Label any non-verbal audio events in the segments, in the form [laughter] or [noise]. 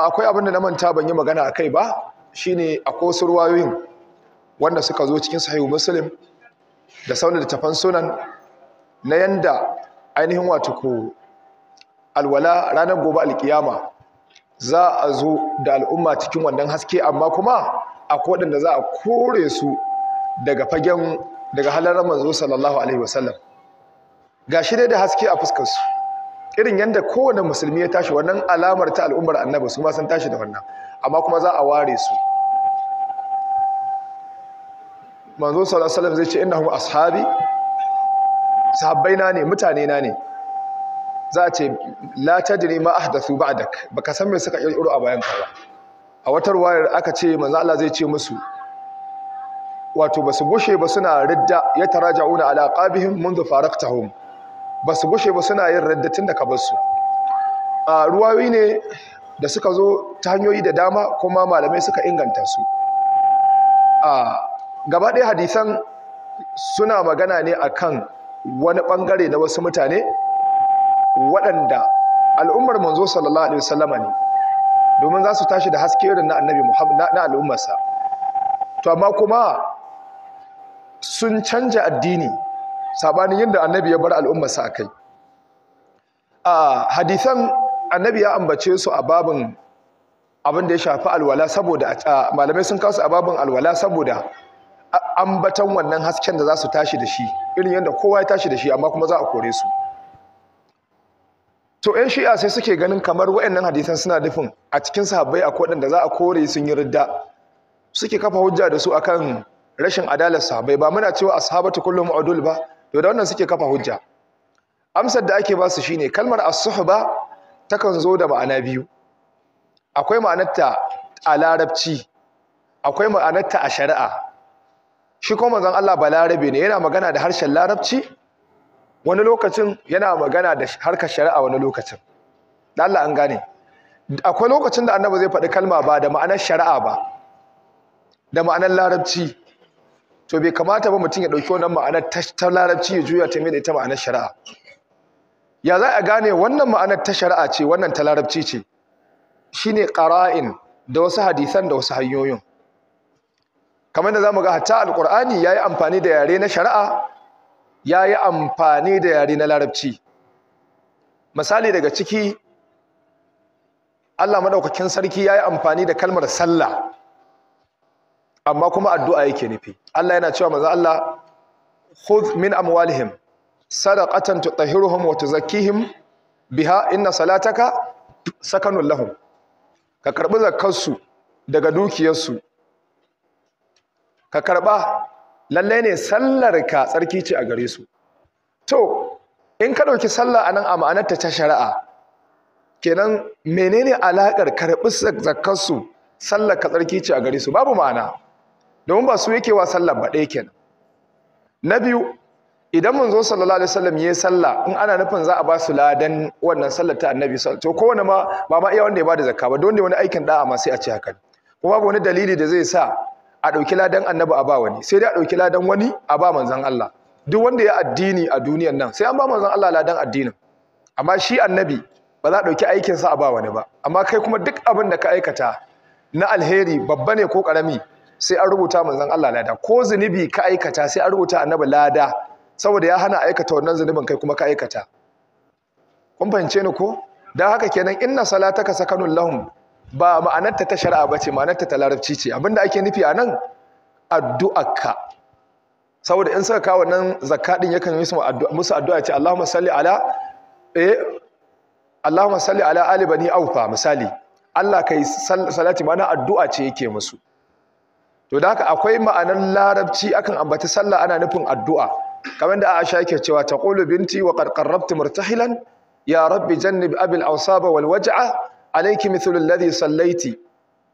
akwai abin da na manta ban yi magana akai ba shine akwai wasu ruwayoyin wanda suka zo cikin sahihu muslim da da littafan sunan na yanda ainihin wato ko alwala ranar gobe alkiyama za a zo da al'umma cikin wannan haske amma kuma akwai waɗanda za a kore su daga fagen daga halar manzo sallallahu alaihi wasallam ga shi dai da haske a su. irin yadda kowane musulmi ya tashi wannan alamar ta al'ummar annabi su ma sun tashi da wannan amma kuma za a ware su manzo sallallahu alaihi zai ce innahum ashabi sahabbai na ne mutane na ne za a ce la tadri ma ahdathu ba'dak baka san me suka kirkiro a bayan ka ba a watar wayar aka ce manzo Allah zai ce musu wato basu gushe ba suna ridda ya taraja'una ala qabihim منذ فارقتهم ba su bushe ba suna yin raddatin da ka bar su ruwayoyi ne da suka zo ta hanyoyi da dama kuma malamai suka inganta su a gaba ɗaya hadisan suna magana ne a kan wani ɓangare na wasu mutane waɗanda al'ummar manzo sallallahu alaihi wasallama ne domin za su tashi da haske irin na annabi na al'ummarsa to amma kuma sun canja addini sabanin yadda annabi ya bar al'ummarsa a kai a hadisan annabi ya ambace su a babin abin da ya shafi alwala saboda malamai sun kasu a babin alwala saboda ambatan wannan hasken da za su tashi da shi irin yadda kowa ya tashi da shi amma kuma za a kore su to yan shi'a sai suke ganin kamar wa'annan hadisan suna nufin a cikin sahabbai akwai da za a kore sun yi ridda suke kafa hujja da su akan rashin adalar sahabbai ba muna cewa a ashabatu kullum udul ba to da wannan suke kafa hujja amsar da ake ba su shine kalmar as-suhba takan zo da ma'ana biyu akwai ma'anarta a larabci akwai ma'anarta a shari'a shi kuma manzon Allah ba larabe ne yana magana da harshen larabci wani lokacin yana magana da harkar shari'a wani lokacin da Allah an gane akwai lokacin da annabi zai faɗi kalma ba da ma'anar shari'a ba da ma'anar larabci to bai kamata ba mutum ya ɗauki wannan ma'anar ta larabci ya juya ta mai da ita ma'anar shari'a ya za a gane wannan ma'anar ta shari'a ce wannan ta larabci ce shine qara'in da wasu hadisan da wasu hanyoyin kamar da zamu ga hatta alqur'ani yayi amfani da yare na shari'a yayi amfani da yare na larabci misali daga ciki Allah madaukakin sarki ya yi amfani da kalmar sallah amma kuma addu'a yake nufi Allah yana cewa maza Allah khudh min amwalihim sadaqatan tutahhiruhum wa tuzakkihim biha inna salataka sakanun lahum ka karbi zakkarsu daga dukiyarsu ka karba lalle ne sallarka tsarki ce a gare su to in ka dauki sallah anan a ma'anarta ta shari'a kenan menene alaƙar karbi zakarsu sallar ka tsarki ce a gare su babu ma'ana domin ba su yake wa sallah ba ɗaya kenan na biyu idan manzo sallallahu alaihi wasallam yayi sallah in ana nufin za a ba su ladan wannan sallar ta annabi to kowane ma ba ma iya wanda ya bada zakka ba don ne wani aikin da'a ma sai a ce haka kuma babu wani dalili da zai sa a dauki ladan annabi a ba wani sai dai a ɗauki ladan wani a ba manzon Allah duk wanda ya addini a duniyar nan sai an ba manzon Allah ladan addinin amma shi annabi ba za a ɗauki aikinsa a ba wani ba amma kai kuma duk abin da ka aikata na alheri babba ne ko karami sai an rubuta manzon Allah lada ko zunubi ka aikata sai an rubuta annabi lada saboda ya hana aikata wannan zunubin kai kuma ka aikata kun fahimce ni ko dan haka kenan inna salataka sakanun lahum ba ma'anarta ta shari'a bace ma'anarta ta larabci ce abinda ake nufi anan addu'arka saboda in suka kawo wannan zakadin yakan yi musu addu'a ce Allahumma salli ala eh Allahumma salli ala ali bani aufa misali Allah kai salati ma'ana addu'a ce yake musu to da haka akwai ma'anar larabci akan ambaci sallah ana nufin addu'a kamar da Aisha yake cewa taqulu binti wa qad qarrabtu murtahilan ya rabbi jannib abil awsaba wal waj'a alayki mithlu alladhi sallaiti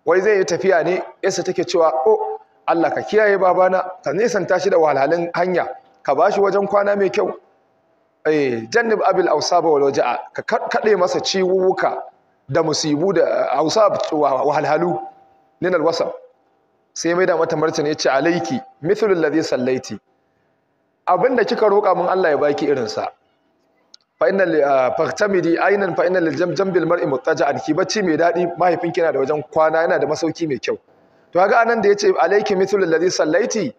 wai zai tafiya ne yasa take cewa oh Allah ka kiyaye babana ka nisanta shi da wahalhalin hanya ka bashi wajen kwana mai kyau eh jannib abil awsaba wal waj'a ka kade masa ciwuka da musibu da awsab wahalhalu min alwasab sai mai da mata martani ce alaiki mithlu allazi sallaiti abinda kika roka mun Allah ya baki irin sa fa innal ah, faqtamidi aynan fa jamjam bil mar'i muttaja'an ki bacci mai dadi mahaifinki yana da wajen kwana yana da masauki mai kyau to kaga anan da yace alaiki mithlu allazi sallaiti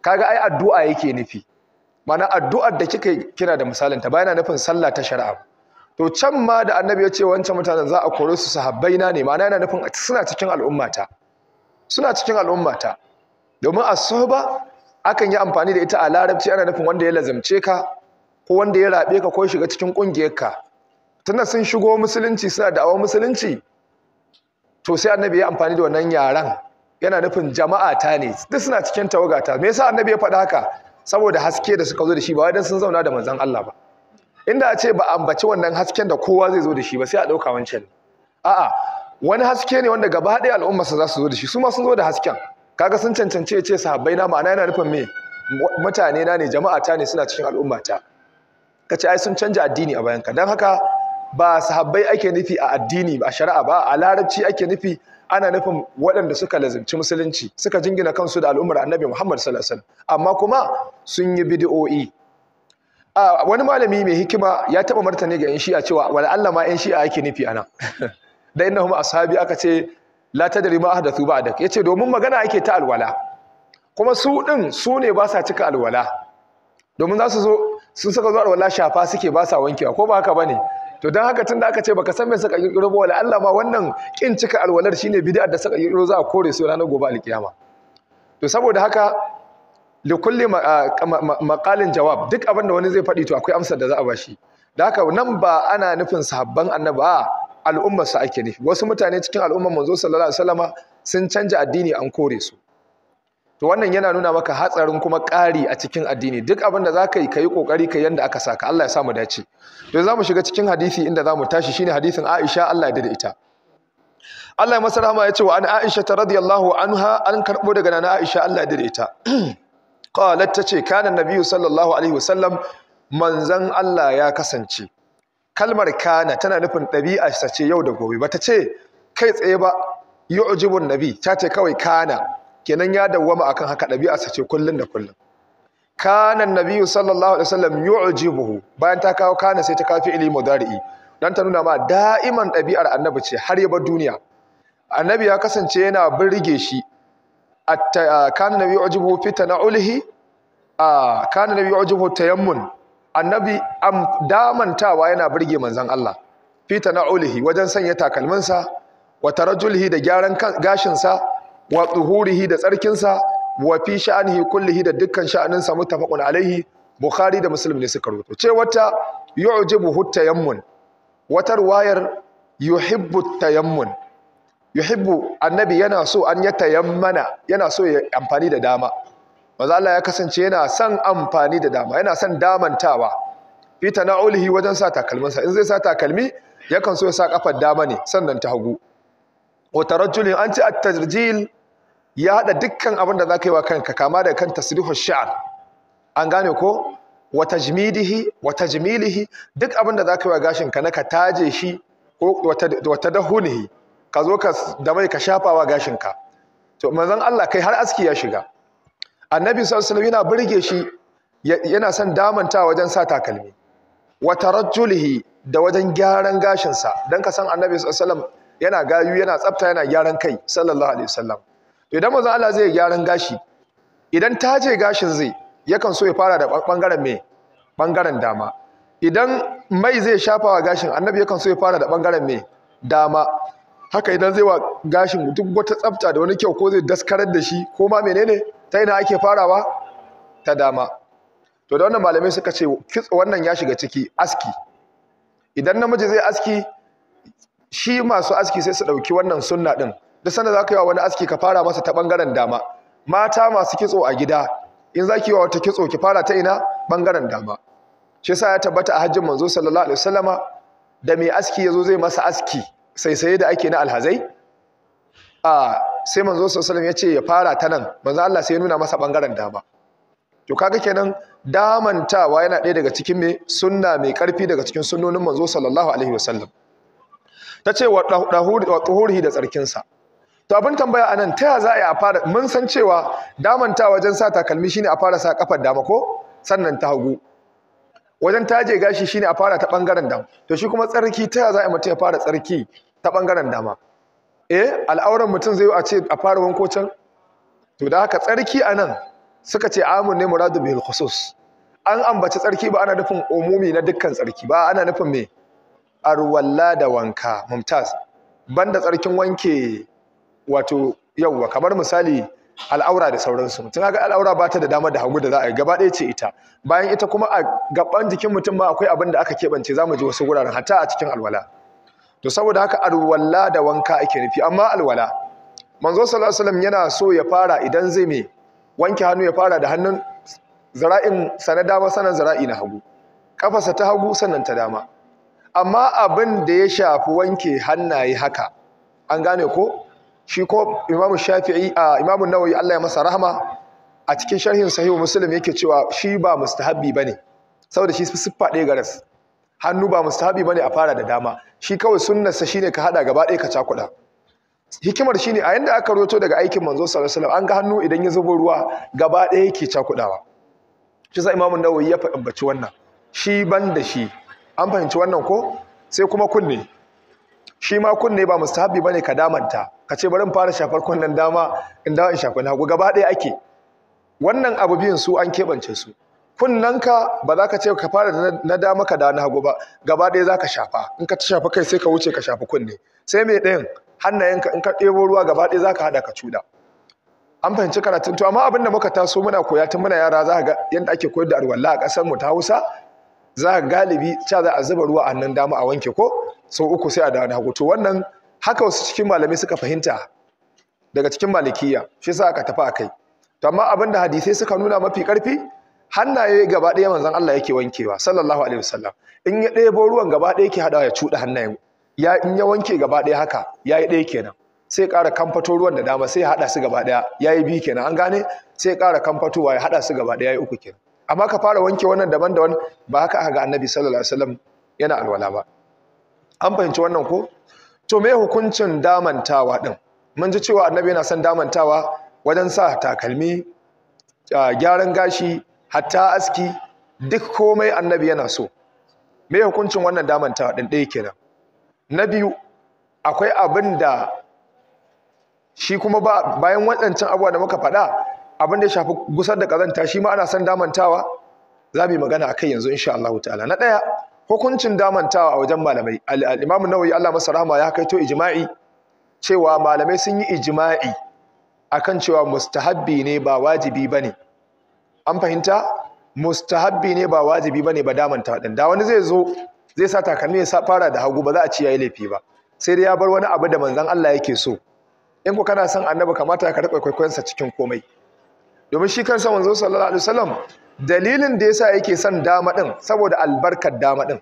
kaga ai addu'a yake nufi mana addu'ar da kika kina da misalin ta bayana nufin sallah ta shari'a to can ma da annabi ya ce wancan mutanen za a kore su sahabbaina ne mana yana nufin suna cikin al'ummata suna cikin al'ummata domin asoba akan yi amfani da ita a larabci ana nufin wanda ya lazamce ka ko wanda ya rabe ka ko shiga cikin kungiyarka tunda sun shigo musulunci suna da'awar musulunci to sai annabi ya amfani da wannan yaran yana nufin jama'a ta ne duk suna cikin tawagata me yasa annabi ya faɗa haka saboda haske da suka zo da shi ba wai sun zauna da manzon Allah ba inda a ce ba ambaci wannan hasken da kowa zai zo da shi ba sai a dauka wancan a'a wani haske ne wanda gaba ɗaya su za su zo da shi su ma sun zo da hasken kaga sun cancance ya ce sahabbai na ma'ana yana nufin me mutane na ne jama'ata ne suna cikin al'ummata ka ce ai sun canja addini a ka, don haka ba sahabbai ake nufi a addini a shari'a ba a larabci ake nufi ana nufin waɗanda suka lazimci musulunci suka jingina kansu da al'ummar annabi muhammad sallallahu amma kuma sun yi bid'o'i wani malami mai hikima ya taɓa martani ga 'yan shi'a cewa wala Allah ma 'yan shi'a ake nufi ana [laughs] da huma ashabi aka ce la tadri ma ahdathu ba'dak yace domin magana yake ta alwala kuma su din su ne ba sa cika alwala domin za su zo sun saka zuwa alwala shafa suke ba sa wankewa ko ba haka bane to dan haka tunda aka ce baka san me saka kirkiro ba wala Allah ma wannan kin cika alwalar shine bid'ar da saka kirkiro za a kore su ranar gobe alkiyama to saboda haka kulli maƙalin jawab duk abin da wani zai faɗi to akwai amsar da za a bashi da haka nan ba ana nufin sahabban annabi a al'ummarsa ake nufi wasu mutane cikin al'ummar manzo sallallahu alaihi wasallama sun canja addini an kore su to wannan yana nuna maka hatsarin kuma ƙari a cikin addini duk abin da zaka yi kayi kokari kai yanda aka saka Allah ya sa mu dace to zamu shiga cikin hadisi inda zamu tashi shine hadisin Aisha Allah ya da ita Allah ya masa rahama ya ce wa an Aisha ta radiyallahu anha an karbo daga nana Aisha Allah ya da ita qalat tace kana nabiyyu sallallahu alaihi wasallam manzan Allah ya kasance kalmar kana tana nufin ɗabi'a ce yau da gobe bata ce kai tsaye ba yu'jibun nabi ta ce kawai kana kenan ya dawwama akan haka ɗabi'a ce kullum da kullum. kana nabiyyu sallallahu alaihi wasallam bayan ta kawo kana sai ta kafi fi'ili mudari'i dan ta nuna ma da'iman ɗabi'ar annabi ce har ya bar duniya annabi ya kasance yana birge shi kana nabiyyu yu'jibuhu fi tana'ulihi kana nabiyyu yu'jibuhu tayammun annabi damantawa yana burge manzon Allah fi tana'ulihi wajen sanya takalminsa wa tarajulihi da gyaran gashinsa wa da tsarkinsa wa fi sha'anihi kullihi da dukkan sha'aninsa mutafaqun alaihi bukhari da muslim ne suka rubuto ce wata yu'jibu hutayammun wata ruwayar yuhibbu tayammun yuhibbu annabi yana so an ya yana so ya amfani da dama maza Allah ya kasance yana son amfani da dama yana son damantawa fi tana'ulihi wajen sa takalminsa in zai sa takalmi yakan so ya sa kafar dama ne sannan ta hagu wa tarajjulin an ce at-tarjil ya hada dukkan abin da zaka yi wa kanka kama da kan tasrihu sha'r an gane ko wa tajmidihi wa tajmilihi duk abin da zaka yi wa gashin ka na taje shi ko wa tadahunihi ka zo ka da mai ka shafawa gashin ka to manzon Allah kai har aski ya shiga annabi sallallahu alaihi yana burge shi yana son damanta wajen sa takalmi wa tarajjulihi da wajen gyaran gashin sa dan ka san annabi sallallahu alaihi yana gayu yana tsafta yana gyaran kai sallallahu alaihi wasallam to idan manzo Allah zai gyaran gashi idan ta je gashin zai yakan so ya fara da bangaren me bangaren dama idan mai zai shafa wa gashin annabi yakan so ya fara da bangaren me dama haka idan zai wa gashin duk wata tsafta da wani kyau ko zai daskarar da shi ko ma menene ta ina ake farawa ta dama to da wannan malamai suka ce wannan ya shiga ciki aski idan namiji zai aski shi masu aski sai su ɗauki wannan sunna din duk sanda zaka yi wa wani aski ka fara masa ta bangaren dama mata masu kitso a gida in zaki yi wa wata kitso ki fara ta ina bangaren dama shi yasa ya tabbata a hajjin manzo sallallahu alaihi wasallama da mai aski ya zo zai masa aski sai sai da ake na alhazai a sai manzo sallallahu ya ce ya fara ta nan manzo Allah sai ya nuna masa bangaren dama to kaga kenan damantawa yana ɗaya daga cikin me sunna mai ƙarfi daga cikin sunnonin manzo sallallahu alaihi wasallam tace wa tuhuri da tsarkin sa to abin tambaya anan ta za a yi a fara mun san cewa damanta wajen sa takalmi shine a fara sa kafar dama ko sannan ta hagu wajen taje gashi shine a fara ta bangaren dama to shi kuma tsarki ta za a yi mutum ya fara tsarki ta bangaren dama eh al'auran mutum zai a ce a fara wanko to da haka tsarki a nan suka ce amun ne muradu bil khusus an ambaci tsarki ba ana nufin umumi na dukkan tsarki ba ana nufin me arwalla da wanka mumtaz banda tsarkin wanke wato yawwa kamar misali al'aura da sauransu mutum ga al'aura ba ta da dama da hagu da za a yi gaba ɗaya ce ita bayan ita kuma a gaban jikin mutum ma akwai abin da aka keɓance za mu ji wasu wuraren hatta a cikin alwala to saboda haka alwala da wanka ake nufi amma alwala manzo sallallahu alaihi wasallam yana so ya fara idan zai me wanke hannu ya fara da hannun zara'in sana dama sanan zara'i na hagu kafasa ta hagu sanan ta dama amma abin da ya shafi wanke hannaye haka an gane ko shi ko imamu shafi'i a imamu nawawi Allah ya masa rahama a cikin sharhin sahihu muslim yake cewa shi ba mustahabbi bane saboda shi siffa ɗaya garas hannu ba mustahabi bane a fara da dama shi kawai sa shine ka hada gaba ɗaya ka cakuɗa hikimar shine a yanda aka roto daga aikin manzo sallallahu alaihi wasallam an ga hannu idan ya zubo ruwa gaba ɗaya yake cakuɗawa shi sa imamu nawawi ya fahimci wannan shi ban da shi an fahimci wannan ko sai kuma kunne shi ma kunne ba mustahabi bane ka damanta ka ce bari in fara shafar kunnen dama in dawo in shafa na hagu gaba ɗaya ake wannan abu biyun su an keɓance su kunnanka ba za ka ce ka fara na dama ka da na hagu ba gaba ɗaya za ka shafa in ka ta shafa kai sai ka wuce ka shafi kunne sai mai ɗayan hannayenka in ka ɗebo ruwa gaba ɗaya za ka haɗa ka cuɗa an fahimci karatun to amma abin da muka taso muna koya tun muna yara za ga yadda ake koyar da alwala a ƙasar mu ta Hausa za ka galibi cha za a zuba ruwa a nan dama a wanke ko sau uku sai a da hagu to wannan haka wasu cikin malamai suka fahimta daga cikin malikiya shi yasa aka tafi akai to amma abin da hadisai suka nuna mafi ƙarfi hannaye gaba ɗaya manzon Allah yake wankewa sallallahu alaihi wasallam in ya ɗebo ruwan gaba ɗaya yake hadawa ya cuɗa hannayen ya in ya wanke gaba ɗaya haka yayi ɗaya kenan sai ƙara kamfato ruwan da dama sai ya hada su gaba ɗaya yayi bi kenan an gane sai ƙara kamfatowa ya hada su gaba ɗaya yayi uku kenan amma ka fara wanke wannan daban da wannan ba haka aka ga annabi sallallahu alaihi wasallam yana alwala ba an fahimci wannan ko to me hukuncin damantawa din mun ji cewa annabi yana son damantawa wajen sa takalmi gyaran gashi hatta aski duk komai annabi yana so me hukuncin wannan damanta din dai kenan na biyu akwai abin da shi kuma bayan waɗancan abuwa da muka faɗa abin da ya shafi gusar da ƙazanta shi ma ana son damantawa za mu yi magana a kai yanzu insha Allah ta'ala na ɗaya hukuncin damantawa a wajen malamai al-Imam Nawawi Allah masa rahama ya kaito ijma'i cewa malamai sun yi ijma'i akan cewa mustahabbi ne ba wajibi bane an fahimta mustahabbi ne ba wajibi bane ba damanta din da wani zai zo zai sa takalmi ya sa fara da hagu ba za a ci yayi laifi ba sai dai ya bar wani abu da manzon Allah yake so in ku kana son annabi kamata ka rika kwaikwayon sa cikin komai domin shi kansa manzo sallallahu alaihi wasallam dalilin da yasa yake son dama din saboda albarkar dama din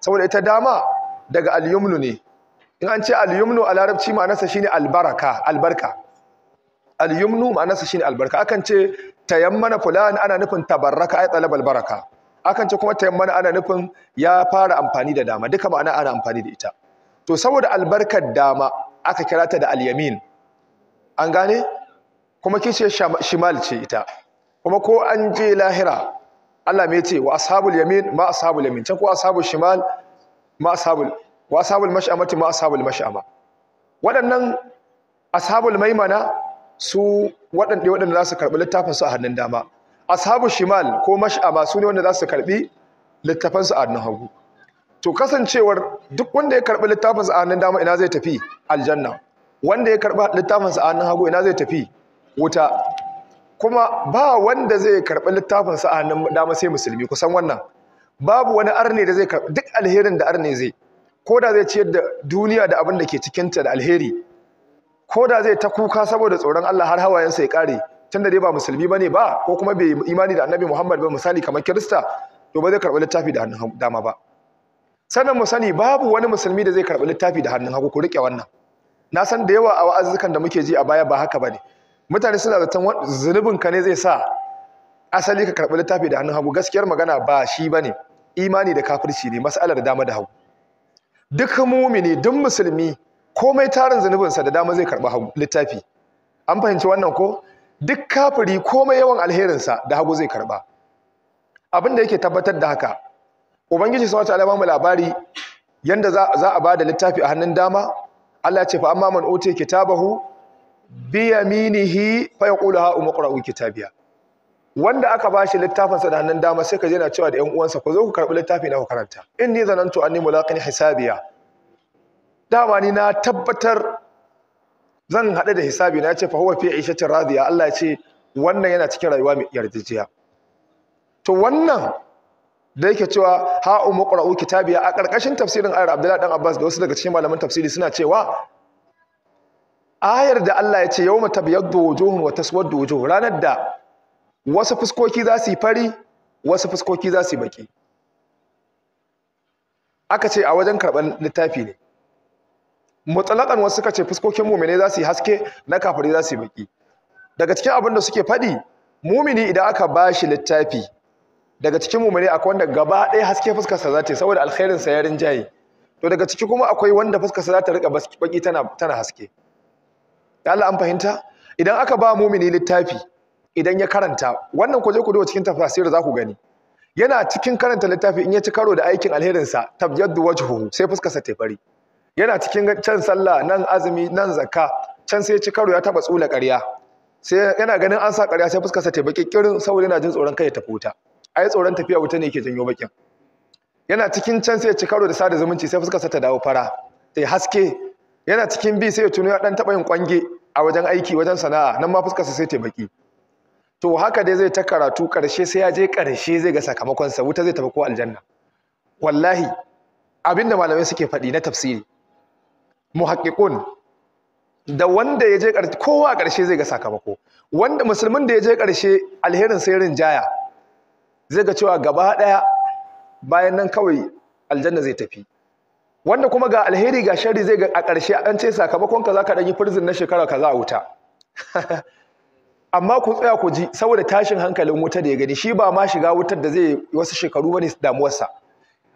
saboda ita dama daga al-yumnu ne in an ce al-yumnu a larabci ma'anarsa shine albaraka albarka al-yumnu ma'anarsa shine albarka akan ce tayammana fulan ana nufin tabarraka ay talabal baraka akan ce kuma tayammana ana nufin ya fara amfani da dama duka ma'ana ana amfani da ita to saboda albarkar dama aka kira ta da alyamin an gane kuma kice shimal ce ita kuma ko an je lahira Allah me ce wa ashabul yamin ma ashabul yamin can ko ashabul shimal ma ashabul wa ashabul mash'amati ma ashabul mash'ama waɗannan ashabul maimana su waɗanda waɗanda za su karɓi littafin su a hannun dama ashabu shimal ko mash'ama su ne wanda za su karɓi littafin su a hannun hagu to kasancewar duk wanda ya karɓi littafin su a hannun dama ina zai tafi aljanna wanda ya karɓi littafin su a hannun hagu ina zai tafi wuta kuma ba wanda zai karɓi littafin su a hannun dama sai musulmi kusan wannan babu wani arne da zai karɓi duk alherin da arne zai ko da zai ciyar da duniya da abin da ke cikinta da alheri ko da zai ta kuka saboda tsoron Allah har hawayensa ya kare tunda dai ba musulmi bane ba ko kuma bai imani da annabi Muhammad ba misali kamar kirista to ba zai karɓi littafi da hannun hagu dama ba sannan mu sani babu wani musulmi da zai karɓi littafi da hannun hagu ku riƙe wannan na san da yawa a wa'azzukan da muke ji a baya ba haka bane mutane suna zaton zunubin ka ne zai sa asali ka karɓi littafi da hannun hagu gaskiyar magana ba shi bane imani da kafirci ne mas'alar dama da hagu duk mumini duk musulmi komai tarin zunubinsa da dama zai karɓi littafi an fahimci wannan ko duk kafiri komai yawan alherinsa da hagu zai karba. abin da yake tabbatar da haka ubangiji sama wata alama labari yanda za a bada littafi a hannun dama Allah ce fa amma man uti kitabahu bi yaminihi fa yaqulu ha umqra'u kitabiya wanda aka bashi littafin sa da hannun dama sai ka je na cewa da ƴan uwansa ku zo ku karbi littafi na ku karanta inni zanantu anni mulaqin hisabiya dama ni na tabbatar zan haɗu da hisabi na ce fa huwa fi aishatin radiya Allah ya ce wannan yana cikin rayuwa mai yarjejiya to wannan da yake cewa ha umu qra'u kitabiya a ƙarƙashin tafsirin ayar Abdullahi dan Abbas da wasu daga cikin malaman tafsiri suna cewa ayar da Allah ya ce yawma tabyaddu wujuhun wa taswaddu wujuhun ranar da wasu fuskoki za su yi fari wasu fuskoki za su yi baki aka ce a wajen karɓar littafi ne mutlaqan wasu suka ce fuskokin mu'mine za su yi haske na kafiri za su yi baki daga cikin abin da suke faɗi mumini idan aka ba shi littafi daga cikin mumini akwai wanda gaba ɗaya haske fuskarsa za ta yi saboda alkhairin sa ya rinjaye to daga ciki kuma akwai wanda fuskarsa za ta rika baki tana tana haske Allah an fahimta idan aka ba mumini littafi idan ya karanta wannan ku je ku duba cikin tafsir za ku gani yana cikin karanta littafi in ya ci karo da aikin alherin sa tabyaddu wajhuhu sai fuskarsa ta fari yana cikin can sallah nan azumi nan zakka can sai ya ci karo ya taba tsula ƙarya sai yana ganin an sa ƙarya sai fuskarsa ta baki kirin saboda yana jin tsoron kai ya tafi ai tsoron tafiya wuta ne yake janyo bakin yana cikin can sai ya ci karo da sada zumunci sai fuskarsa ta dawo fara Sai haske yana cikin bi sai ya tuno ya dan taba yin kwange a wajen aiki wajen sana'a nan ma fuskarsa sai ta baki to haka dai zai ta karatu karshe sai ya je karshe zai ga sakamakon sa wuta zai tafi ko aljanna wallahi abinda malamai suke faɗi na tafsiri muhakkikun da wanda ya je kowa a ƙarshe zai ga sakamako wanda musulmin da ya je ƙarshe alherin sai rinjaya zai ga cewa gaba ɗaya bayan nan kawai aljanna zai tafi wanda kuma ga alheri ga shari zai ga a ƙarshe an ce sakamakon ka zaka dan yi prison na shekara kaza a wuta [laughs] amma ku tsaya ku ji saboda tashin hankalin wuta da ya gani shi ba ma shiga wutar da zai wasu shekaru bane damuwarsa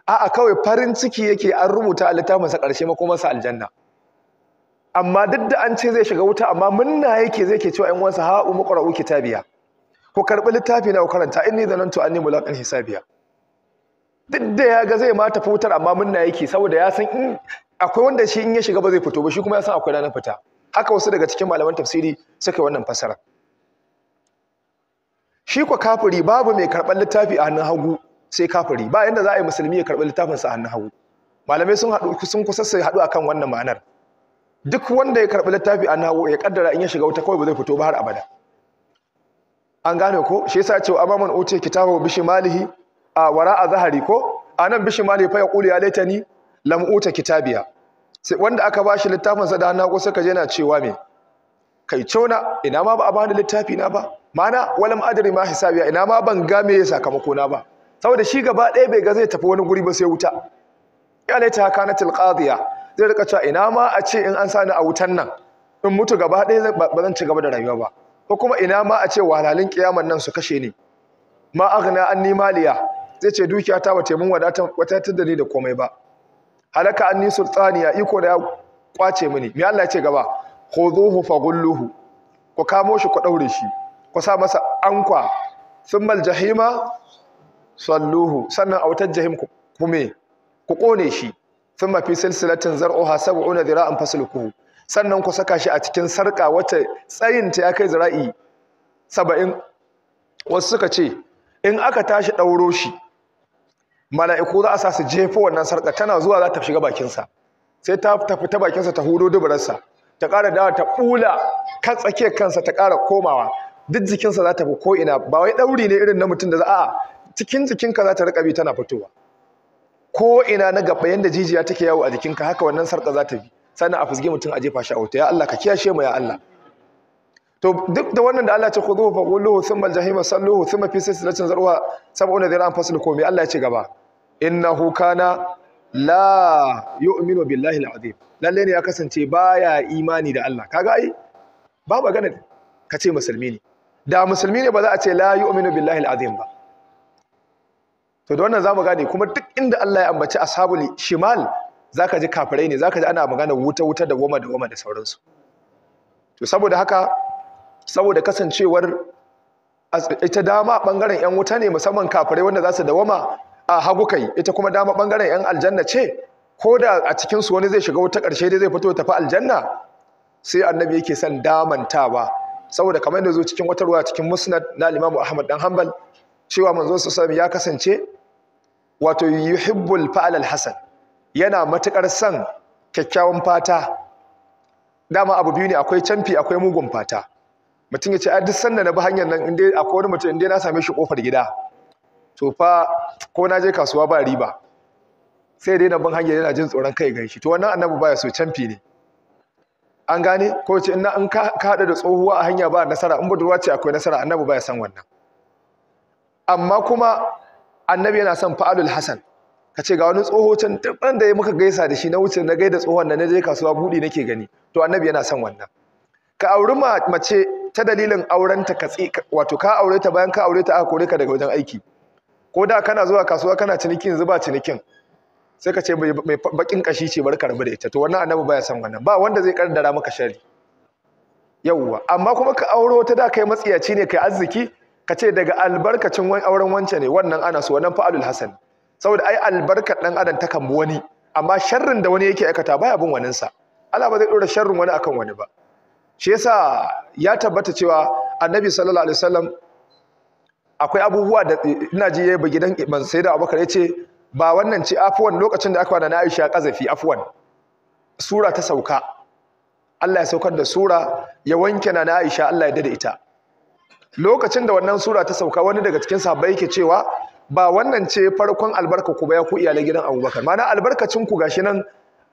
a'a kawai farin ciki yake an rubuta a littafinsa ƙarshe makomarsa aljanna amma duk da an ce zai shiga wuta amma munna yake zai ke cewa ƴan uwansa ha umu qra'u kitabiya ko karɓi littafi na karanta inni zanantu anni laƙin hisabiya duk da ya ga zai ma tafi wutar amma munna yake saboda ya san in akwai wanda shi in ya shiga ba zai fito ba shi kuma ya san akwai ranar fita haka wasu daga cikin malaman tafsiri suka yi wannan fasara shi ko kafiri babu mai karɓar littafi a hannun hagu sai kafiri ba yanda za a yi musulmi ya karɓi littafinsa a hannun hagu malamai sun haɗu sun kusa su haɗu akan wannan ma'anar duk wanda ya karɓi littafi a nawo ya kaddara in ya shiga wuta kawai ba zai fito ba har abada an gane ko shi yasa cewa amaman uce kitabu bishi malihi a wara a zahari ko nan bishi malihi fa yaqulu ya laitani lam uta kitabiya sai wanda aka shi littafin sa da hannu ko saka je yana cewa me kai cona ina ma ba a bani littafi na ba mana walam adri ma hisabiya ina ma ban ga me sakamako na ba saboda shi gaba ɗaya bai ga zai tafi wani guri ba sai wuta ya laita kanatil qadiya zai rika cewa ina ma a ce in an sani a wutan nan in mutu gaba ɗaya ba zan ci gaba da rayuwa ba ko kuma ina ma a ce wahalalin kiyaman nan su kashe ni ma aghna anni maliya zai ce dukiya dukiyata ba min wadatar wadatar da ni da komai ba halaka anni sultaniya iko da ya kwace mini me Allah ya ce gaba khuduhu faghulluhu ku kamo shi ku daure shi ku sa masa ankwa thummal jahima salluhu sannan a wutar jahim ku me ku kone shi thumma fi silsilatin zar'uha sab'una dhira'an fasluquhu sannan ku saka shi a cikin sarka wacce tsayinta ya kai zira'i saba'in wasu suka ce in aka tashi ɗauro shi mala'iku za a sa su jefo wannan sarka tana zuwa za ta shiga bakinsa sai ta tafi ta bakinsa ta hudo dubararsa ta ƙara dawa ta ɓula Ka tsake kansa ta ƙara komawa duk jikinsa za ta fi ko'ina ba wai ɗauri ne irin na mutum da za a cikin jikinka za ta riƙa bi tana fitowa ko ina na gaba yadda jijiya take yawo a jikinka haka wannan sarka za ta bi sannan a fusge mutum a jefa shi a wuta ya Allah ka kiyashe mu ya Allah to duk da wannan da Allah ya ce khudhuhu fa quluhu thumma al-jahima salluhu thumma fi silsilatin zarwa sab'una dhiran fasl komi Allah ya ce gaba innahu kana la yu'minu billahi al-azim lalle ne ya kasance baya imani da Allah kaga ai ba magana ka ce musulmi ne da musulmi ne ba za a ce la yu'minu billahi al-azim ba to da wannan zamu gane kuma duk inda Allah ya ambaci ashabul shimal zaka ji kafirai ne zaka ji ana magana wuta wuta da goma da goma da sauransu to saboda haka saboda kasancewar ita dama bangaren yan wuta ne musamman kafirai wanda za su dawama a hagu kai ita kuma dama bangaren yan aljanna ce ko da a cikin su wani zai shiga wuta karshe dai zai fito tafi aljanna sai annabi yake son damantawa saboda kamar da zo cikin wata ruwa cikin musnad na Imam Ahmad dan Hanbal cewa manzon sallallahu ya kasance wato hibbul fa'al hasan yana matuƙar son kyakkyawan fata dama abu biyu ne akwai canfi akwai mugun fata mutum ya ce a duk sanda na bi hanyar nan inda a kowane mutum inda na same shi kofar gida to fa ko na je kasuwa ba riba sai dai na bin hanyar yana jin tsoron kai gan shi to wannan annabi ya so canfi ne an gane ko ce in ka haɗa da tsohuwa a hanya ba nasara in budurwa ce akwai nasara annabi baya san wannan amma kuma annabi yana son fa'alul Hassan. ka ce ga wani tsoho can duk da ya muka gaisa da shi na wuce na gaida tsohon nan na je kasuwa buɗe nake gani to annabi yana son wannan ka auri mace ta dalilin aurenta ka wato ka aure ta bayan ka aure ta aka kore ka daga wajen aiki ko da kana zuwa kasuwa kana cinikin zuba cinikin sai ka ce mai bakin kashi ce bari ka rabu da ita to wannan annabi baya son wannan ba wanda zai kaddara maka shari yawwa amma kuma ka auro ta da kai matsiyaci ne kai arziki ka ce daga albarkacin auren wance ne wannan ana so wannan fa'alul hasan saboda ai albarkar dan adam ta bi wani amma sharrin da wani yake aikata baya bin wanin sa Allah ba zai dora sharrin wani akan wani ba shi yasa ya tabbata cewa annabi sallallahu alaihi wasallam akwai abubuwa da ina ji yayi gidan man sayyida abubakar yace ba wannan ce afwan lokacin da aka wada na Aisha kazafi afwan sura ta sauka Allah ya saukar da sura ya wanke na Aisha Allah ya dade ita lokacin da wannan sura ta sauka wani daga cikin sahabbai yake cewa ba wannan ce farkon albarka ku ba ya ku iyalan gidan abu Abubakar ma'ana albarkacin ku gashi nan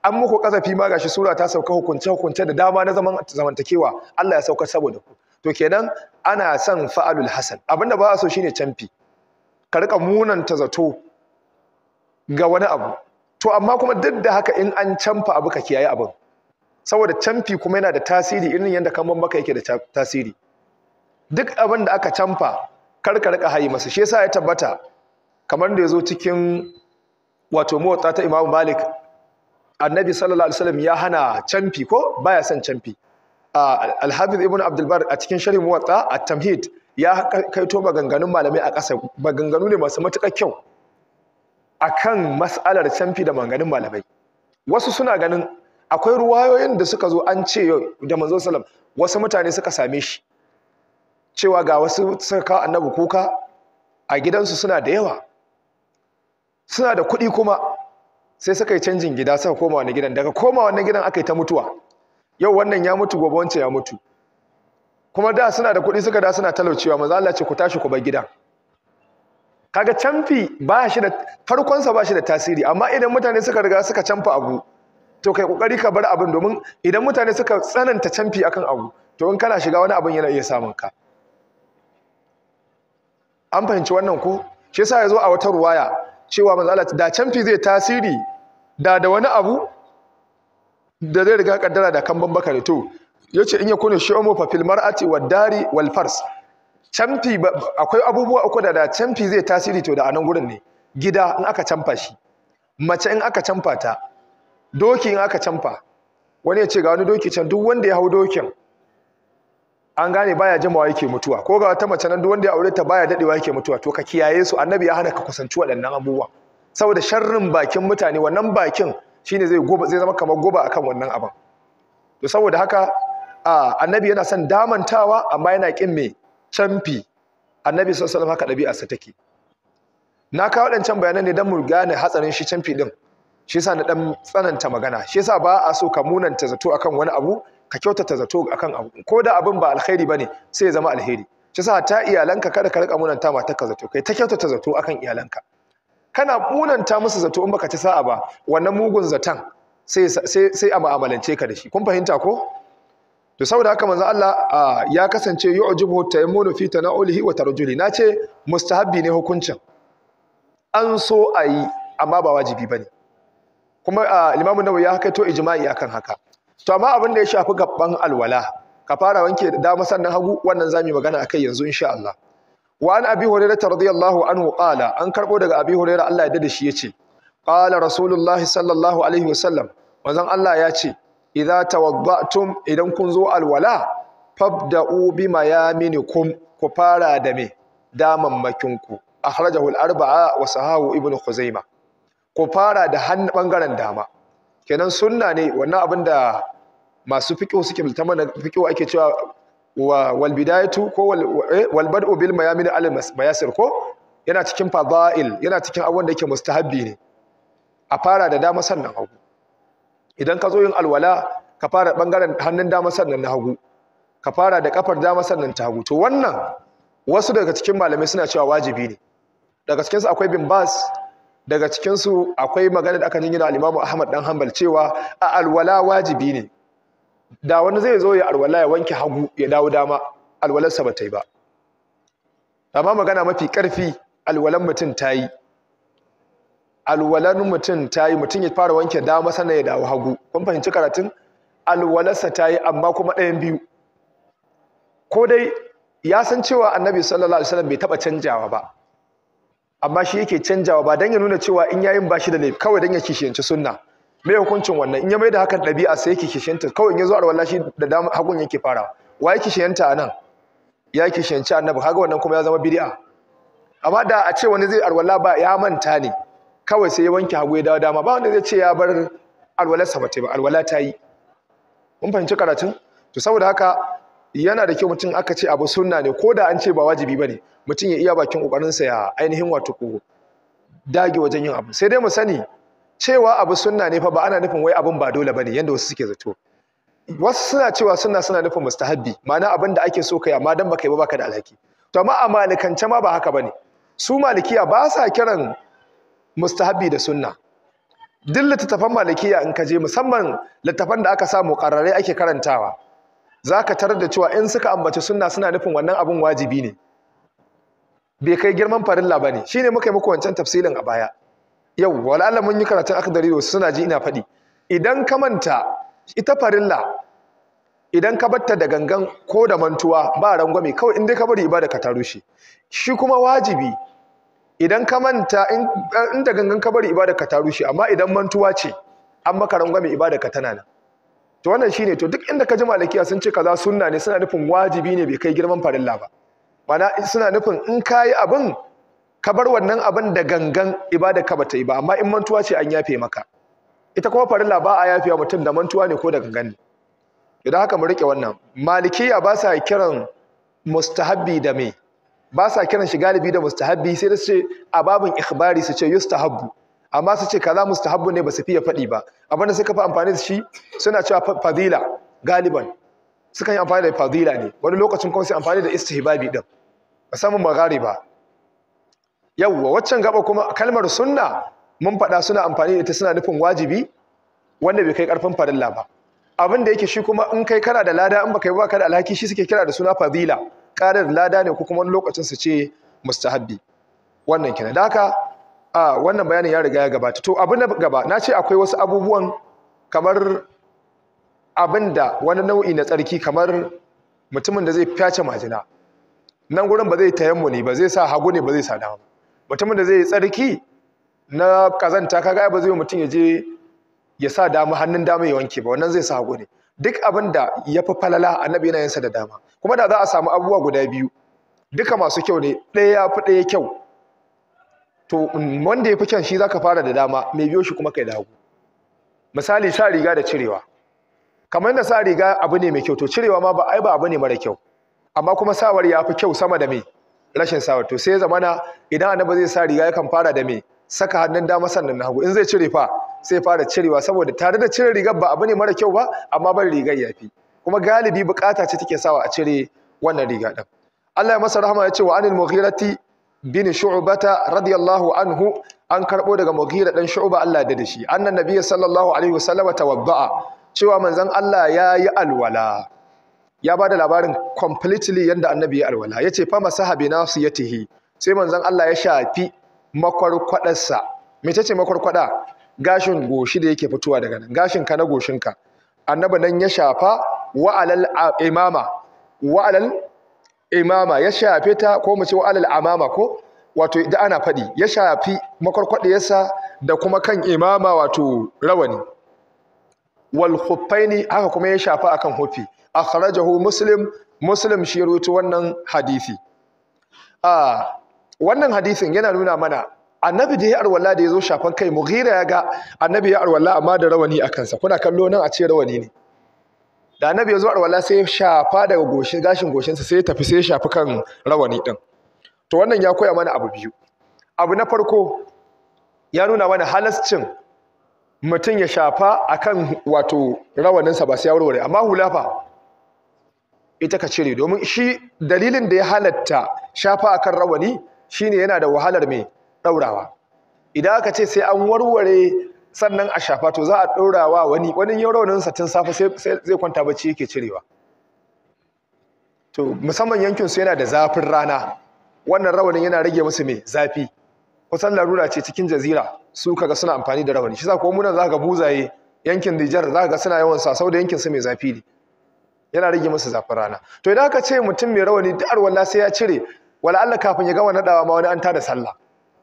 an muku kazafi ma gashi sura ta sauka hukunce hukunce da dama na zaman zamantakewa Allah ya sauka saboda ku to kenan ana son fa'alul hasan abinda ba a so shine canfi ka rika munanta zato ga wani abu to amma kuma duk da haka in an canfa abu ka kiyaye abin saboda canfi kuma yana da tasiri irin yadda kan maka yake da tasiri duk abin da aka canfa ka hayi masa shi yasa ya tabbata kamar da ya zo cikin wato motsa ta imamu malik annabi sallallahu alaihi wasallam ya hana canfi ko baya son canfi al-hafiz ibn abdul bar a cikin sharhi muwatta at-tamhid ya kaito maganganun malamai a ƙasa maganganu ne masu matuƙar kyau akan mas'alar canfi da maganganun malamai wasu suna ganin akwai ruwayoyin da suka zo an ce da manzon wasu mutane suka same shi cewa ga wasu suka kawo annabi kuka a gidansu suna da yawa suna da kuɗi kuma sai suka yi canjin gida suka koma wani gidan daga koma wani gidan aka yi ta mutuwa yau wannan ya mutu gobe wancan ya mutu kuma da suna da kuɗi suka da suna talaucewa maza Allah ce ku tashi ku bar gidan kaga canfi ba shi da sa ba shi da tasiri amma idan mutane suka riga suka canfa abu to kai kokari ka bar abin domin idan mutane suka tsananta canfi akan abu to in kana shiga wani abin yana iya samun ka an fahimci wannan ku shi yasa zo a wata ruwaya cewa manzo Allah da canfi zai tasiri da da wani abu da zai riga kaddara da kan bambaka to yace in ya kone umu fa fil mar'ati wad dari wal fars canfi akwai abubuwa uku da da canfi zai tasiri to da anan gurin ne gida in aka canfa shi mace in aka canfa ta doki in aka canfa wani ya ce ga wani doki can duk wanda ya hau dokin an gane baya jimawa yake mutuwa ko ga wata mace nan duk wanda ya aure ta baya dadewa yake mutuwa to ka kiyaye su annabi ya hana ka kusanci waɗannan abubuwa saboda sharrin bakin mutane wannan bakin shine zai goba zai zama kamar goba akan wannan abin to saboda haka annabi yana son damantawa amma yana kin me canfi annabi sallallahu alaihi haka ɗabi'arsa take na kawo waɗancan bayanan ne don mu gane hatsarin shi canfi din shi yasa na dan tsananta magana shi yasa ba a so ka munanta zato akan wani abu ka kyautata zato akan abu ko da abin ba alkhairi bane sai ya zama alheri shi yasa ta iyalanka kada ka rika munanta ka zato kai ta kyautata zato akan iyalanka kana munanta musu zato in baka ci sa'a ba wannan mugun zatan sai a ma'amalance ka da shi kun fahimta ko to saboda haka manzo Allah ya kasance yu'jibu tayammunu fi tana'ulihi wa tarjuli nace mustahabbi ne hukuncin an so ayi amma ba wajibi bane kuma Imam Nawawi ya to ijma'i akan haka to amma abin da ya shafi gaban alwala ka fara wanke da dama sannan hagu wannan zamu magana akai yanzu insha Allah wa an abi hurairah radiyallahu anhu qala an karbo daga abi hurairah Allah ya dade shi yace qala rasulullah sallallahu alaihi wasallam manzon Allah ya ce idza tawadda'tum idan kun zo alwala fabda'u bima yaminikum ku fara da me damamakinku akhrajahu al-arba'a wa sahahu ibnu khuzaimah ku fara da hannun bangaren dama kenan sunna ne wannan abin da masu fiƙo suke ta mana fiqh ake cewa wal bidayatu ko wal eh, bad'u bil mayamin al mayasir ko yana cikin fadail yana cikin abin da yake mustahabbi ne a fara da dama sannan hagu idan ka zo yin alwala ka fara bangaren hannun dama sannan na hagu ka fara da kafar dama sannan ta hagu to wannan wasu daga cikin malamai suna cewa wajibi ne daga cikin su akwai bin bas daga cikinsu akwai magana da aka yi gina alimamu Ahmad dan Hanbal cewa a alwala wajibi ne da wani zai zo ya alwala ya wanke hagu ya dawo dama alwalarsa ba ta yi ba amma magana mafi ƙarfi alwalan mutum ta yi alwalan mutum ta yi mutum ya fara wanke dama sannan ya dawo hagu kun fahimci karatun alwalarsa ta yi amma kuma ɗayan biyu ko dai ya san cewa annabi sallallahu alaihi wasallam bai taɓa canjawa ba amma shi yake canjawa ba don ya nuna cewa in yayin ba shi da laifi kawai don ya kishiyanci sunna me hukuncin wannan in ya mai da hakan ɗabi'a sai yake kishiyanta kawai in ya zo a shi da dama hakun yake fara. wa ya kishiyanta anan ya kishiyanci annabi kaga wannan kuma ya zama bid'a amma da a ce wani zai alwala ba ya manta ne kawai sai ya wanke hagu ya dawo dama ba wanda zai ce ya bar alwalarsa ba ta ba alwala ta yi mun fahimci karatun to saboda haka yana da kyau mutum aka ce abu sunna ne ko da an ce ba wajibi ba ne mutum ya iya bakin ƙoƙarinsa ya ainihin wato ko dage wajen yin abu sai dai mu sani cewa abu sunna ne fa ba ana nufin wai abin ba dole ba ne, yadda wasu suke zato wasu suna cewa suna suna nufin mustahabbi ma'ana abin da ake so kai amma dan baka yi ba baka da alhaki to amma a malikance ma ba haka bane su malikiya ba sa kiran mustahabbi da sunna duk littattafan malikiya in ka je musamman littattafan da aka samu ƙararrai ake karantawa zaka tarar da cewa in suka ambaci sunna suna nufin wannan abin wajibi ne bai kai girman farilla bane shine muka yi muku wancan tafsilin a baya yau wala mun yi karatun akdari wasu suna ji ina faɗi idan ka manta ita farilla idan ka batta da gangan ko da mantuwa ba rangwame kawai in dai ka bari ibada ka taro shi shi kuma wajibi idan ka manta in da gangan ka bari ibada ka taro shi amma idan mantuwa ce an maka rangwame ibada ka tana nan to wannan shine to duk inda ka ji malikiya sun ce kaza sunna ne suna nufin wajibi ne bai kai girman farilla ba mana suna nufin in yi abin ka bar wannan abin da gangan ibada ka bata yi ba amma in mantuwa ce an yafe maka ita kuma farilla ba a wa mutum da mantuwa ne ko da gangan ne idan haka mu rike wannan malikiya ba sa kiran mustahabbi da me ba sa kiran shi galibi da mustahabbi sai da su ce a babin ikhbari su ce yustahabbu amma su ce kaza mustahabbu ne ba su fiye faɗi ba abinda suka fi amfani da shi suna cewa fadila galiban suka yi amfani da fadila ne wani lokacin kuma sai amfani da istihbabi din magari ba yawwa waccan gaba kuma kalmar sunna mun faɗa suna amfani da ita suna nufin wajibi wanda bai kai karfin farilla ba abinda da yake shi kuma in kai kana da lada in baka yi ba da alhaki shi suke kira da suna fadila ƙarar lada ne ko kuma wani lokacin su ce mustahabbi wannan kenan da haka a wannan bayanin ya riga ya gabata to abin da gaba na ce akwai wasu abubuwan kamar abin da wani nau'i na tsarki kamar mutumin da zai fyace majina nan gurin ba zai tayammu ne ba zai sa hagu ne ba zai sa dama mutumin da zai tsarki na kazanta kaga ba zai mutum ya je ya sa dama hannun dama ya wanke ba wannan zai sa hagu ne duk abin da ya fi falala annabi yana yin sa da dama kuma da za a samu abubuwa guda biyu duka masu kyau ne ɗaya ya fi ɗaya kyau to wanda ya fi kyan shi ka fara da dama mai biyo shi kuma kai yi hagu misali sa riga da cirewa kamar da sa riga abu ne mai kyau to cirewa ma ba ai ba abu ne mara kyau amma kuma sawar ya fi kyau sama da mai. rashin sawar to sai ya zamana idan annabi zai sa riga yakan fara da mai, saka hannun dama sannan na hagu in zai cire fa sai fara cirewa saboda tare da cire rigar ba abu ne mara kyau ba amma ban rigar ya fi. kuma galibi bukata ce take sawa a cire wannan riga din Allah ya masa rahama ya ce wa anil mughirati bin shu'bata radiyallahu anhu an karbo daga mughira dan shu'ba Allah da dashi annan nabiyyi sallallahu alaihi wasallama tawadda'a cewa manzon Allah yayi alwala ya bada labarin completely yanda annabi ya alwala yace fa masahabi yatihi sai manzon Allah ya shafi makwarkwadarsa ce makwarkwada gashin goshi da yake fitowa daga nan gashin ka na ka. annabi nan ya shafa wa alal imama wa imama ya shafe ta ko mu ce alal amama ko wato da ana faɗi ya shafi makwarkwadiyarsa da kuma kan imama wato rawani wal khuffaini haka kuma ya shafi akan hufi akhrajahu muslim muslim shi rawaito wannan hadisi a wannan hadisin yana nuna mana annabi da ya arwala da ya zo shafan kai mughira ya ga annabi ya arwala amma da rawani a kansa kuna kallo nan a ce rawani ne da annabi ya zo arwala sai shafa daga goshin gashin goshinsa sai ya tafi sai shafi kan rawani din to wannan ya koya mana abu biyu abu na farko ya nuna mana halascin mutum ya shafa akan wato rawaninsa ba sai ya warware amma hulafa ita ka cire domin shi dalilin da ya halatta shafa akan rawani shine yana da wahalar mai daurawa idan aka ce sai an warware sannan a shafa to za a ɗora wa wani wani yau rauninsa satin safe sai zai kwanta bacci yake cirewa to musamman yankin su yana da zafin rana wannan rawanin yana rage musu mai zafi kusan larura ce cikin jazira su kaga suna amfani da rawani shi za ko munan za ka buzaye yankin Nijar za ga suna yawan sasau da yankin su mai zafi ne yana rage musu zafin rana to idan aka ce mutum mai rawani da'ar wallahi sai ya cire wala Allah kafin ya gama nadawa ma wani an tada sallah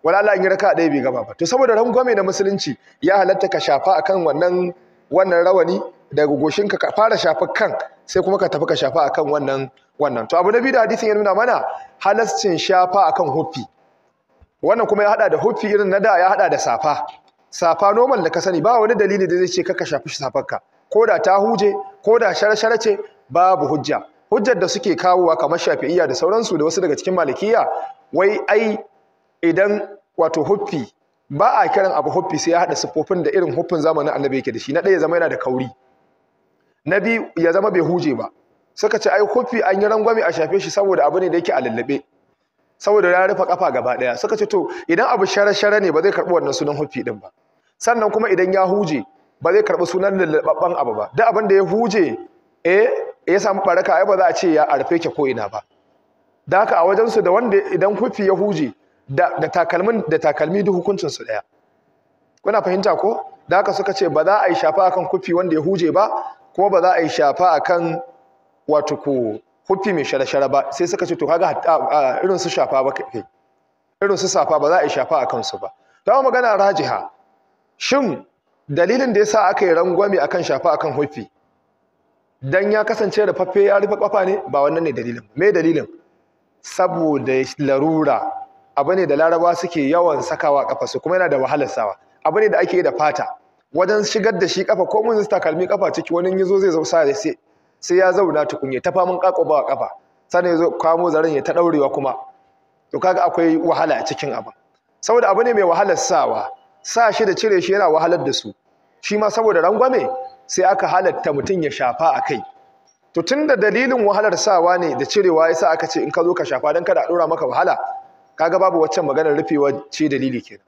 wala Allah in yi raka ɗaya bai gama ba to saboda rangwame na musulunci ya halatta ka shafa akan wannan wannan rawani daga goshinka ka fara shafa kan sai kuma ka tafi ka shafa akan wannan wannan to abu na biyu da hadisin ya nuna mana halascin shafa akan huffi wannan kuma ya hada da huffi irin na da ya hada da safa safa normal da ka sani ba wani dalili da zai ce ka shafi safar ka. ko da ta huje ko da shara-shara ce babu hujja hujjar da suke kawowa kamar shafi'iyya da sauransu da wasu daga cikin malikiya wai ai idan wato huffi ba a kiran abu huffi sai ya haɗa siffofin da irin huffin zamanin annabi yake da shi na ɗaya ya zama yana da kauri na biyu ya zama bai huje ba suka ce ai huffi an yi rangwame a shafe shi saboda abu ne da yake a lallabe saboda ya rufe kafa gaba ɗaya suka ce to idan abu share-share ne ba zai karɓi wannan sunan huffi ɗin ba sannan kuma idan ya huje ba zai karɓi sunan lallababban abu ba duk abin da ya huje eh ya samu baraka ai ba za a ce ya arfe ke ko ina ba da haka a wajensu da wanda idan huffi ya huje da takalmin da takalmi duk hukuncin su daya kuna fahimta ko da haka suka ce ba za a yi shafa akan kufi wanda ya huje ba kuma ba za a yi shafa akan wato ku kufi mai shara-shara ba sai suka ce to kaga irin su shafa ba kai irin su safa ba za a yi shafa akan su ba ta magana rajiha shin dalilin da yasa aka yi rangwame akan shafa akan hufi dan ya kasance da fafe ya rufe kafa ne ba wannan ne dalilin me dalilin saboda larura abu ne da laraba suke yawan sakawa kafa su kuma yana da wahalar sawa abu ne da ake yi da fata wajen shigar da shi kafa ko mun kalmi kafa ciki wani yazo zai zausa sai sai ya zauna tukunye ta kako ba kafa sai yazo kamo zaren ya ta daurewa kuma to kaga akwai wahala a cikin abu saboda abu ne mai wahalar sawa sa shi da cire shi yana wahalar da su shi ma saboda rangwame sai aka halatta mutum ya shafa a kai to tunda dalilin wahalar sawa ne da cirewa yasa aka ce in ka zo ka shafa dan kada a dora maka wahala kaga babu waccan maganar rufewa ce dalili kenan